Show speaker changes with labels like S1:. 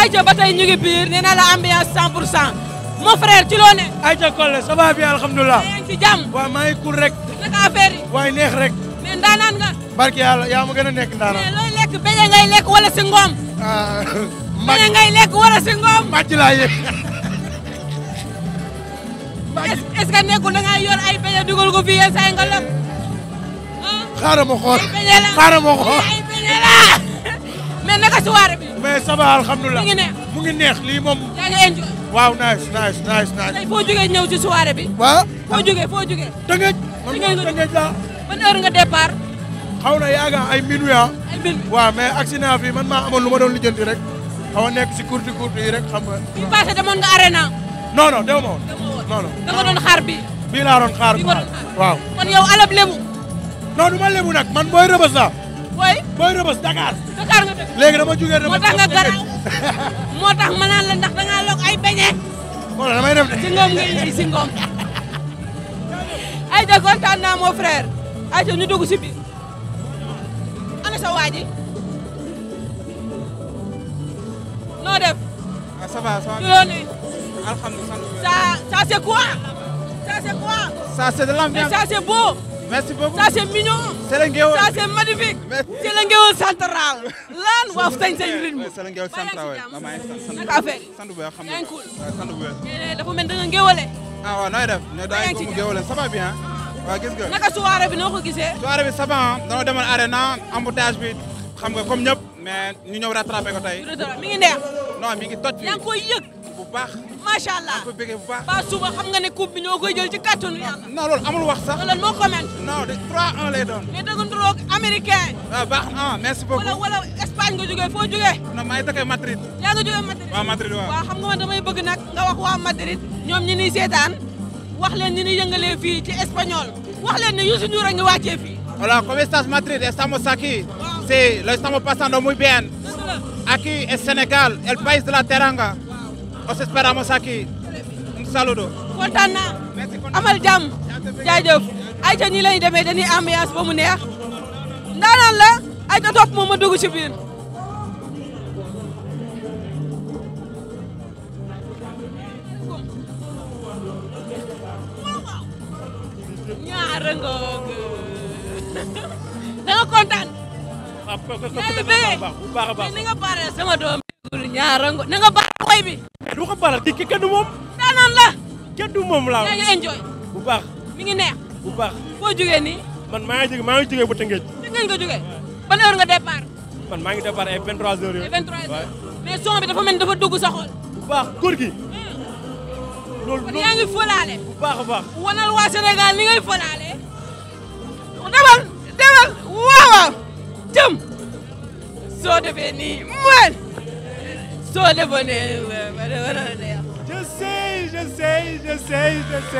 S1: Aïcha ba tey ñu ngi biir nee la ambiance 100 pour cent mon ci loo ne. Aïcha Collé ça va bien alhamdulilah. yaa ci jàmm. waaw maa ngi cool rek. naka affaire yi. neex rek. mais ndaanaan nga. barke yaa ma gën a nekk ndaanaan. mais looy lekk beñe ngay lekk wala si ngoom. ah màcc beñe ngay lekk si ngoom. màcc laa yëg. est ce que nekkul da ngaa yor ay beñe dugal ko fii yenn saa nga lekk. xaaral ma mais naka si waare bi. mais ça va mu ngi neex lii moom. waaw nice nice nice nice. tey ñëw si soirée bi. waaw foo jógee foo jógee. dëgëj man dëgëj laa. ban nga départ. xaw na yaaga ay minuit ah. ay minuit waaw mais accident man maa amoon lu ma doon lijjanti rek. xaw a nekk si courte courte yi rek xam nga. bi passé demoon nga arena. non non demoo ma nga doon xaar bii. bii laa doon waaw. kon yow alab lebu. non ma lebu nag man booy rëbës laa. booy. booy rëbës Dakar. Dakar nga dëkk jugee rëbës. moo tax nga garaaw moo tax ma naan la ndax lokk ay beñe. wala damay def ay de kontaan naa mon frère. ay ñu dugg si biir. ana sa waa noo def. ah ça va ça va. loolu. alhamdulilah. ça ça c'est quoi. ça c'est merci beaucoup ça c'est mignon. Sélénguéwal ça c'est magnifique. Sélénguéwal central. lan waaw sañ sañ rythme. Sélénguéwal central waay waaw maa ngi sant naka affaire yi. sant bu baax xam nga waaw sant bu baax. dafa mel da nga ngéwale. ah waaw nooy def ne daañu ko mu ngéwale ça va bien. waaw gis nga naka soirée bi noo ko gisee. soirée bi ça va ah dañoo demoon arena embouteillage bi xam nga comme ñëpp mais ñu ñëw rattrapé ko tey. mi ngi neex. non mi ngi toj. yaa ngi koy yëg. bu baax. macha ba suba xam nga ne coupe bi ñoo koy jël ci kàttanu yàlla. non amul wax sax. loolu moo comment. non de 3-1 lay doon. mais dëgg nduroog américain. waaw ah, baax na merci beaucoup. wala nga jógee foo jógee. non maa ngi Madrid. yaa ngi jógee Madrid. waaw Madrid waaw. xam nga man damay bëgg nag nga wax waa Madrid. ñoom ñi ni seetaan wax leen ñi ni yëngalee fii ci espagnol wax leen ne Youssou Ndour ngi wàccee fii. Hola, ¿cómo estás Madrid? Estamos aquí. Wow. lo estamos pasando muy bien. os esperamos aquí un saludo kontaan naa amal jàmm jaajëf ay ca nii lañu demee dañuy ambiance ba mu neex ndaanaan la ay ca topp moom ma dugg ci biir ñaar ngoog da nga kontaan waaw ah, bu baax a baax ni nga bare sama doom bi ñaar ngoog na nga bare way bi du ko baral ki ke du moom. daanaan la. kenn du moom laa. yaa ngi enjoy. bu baax. mi ngi neex. bu baax. foo jógee nii. man maa ngi jógee maa ngi jógee ba Tëngéej. Tëngéej nga jógee. ban heure nga maa ngi départ ay 23 heures yooyu. ay 23 heures mais son bi dafa mel dafa dugg sa bu baax góor gi. loolu loolu kon ngi folaale. bu baax a baax. wanal waa Sénégal ni ngay folaale. demal demal soo defee nii soo defoonee. Agora, agora, né? Eu sei, eu sei, eu sei, eu sei.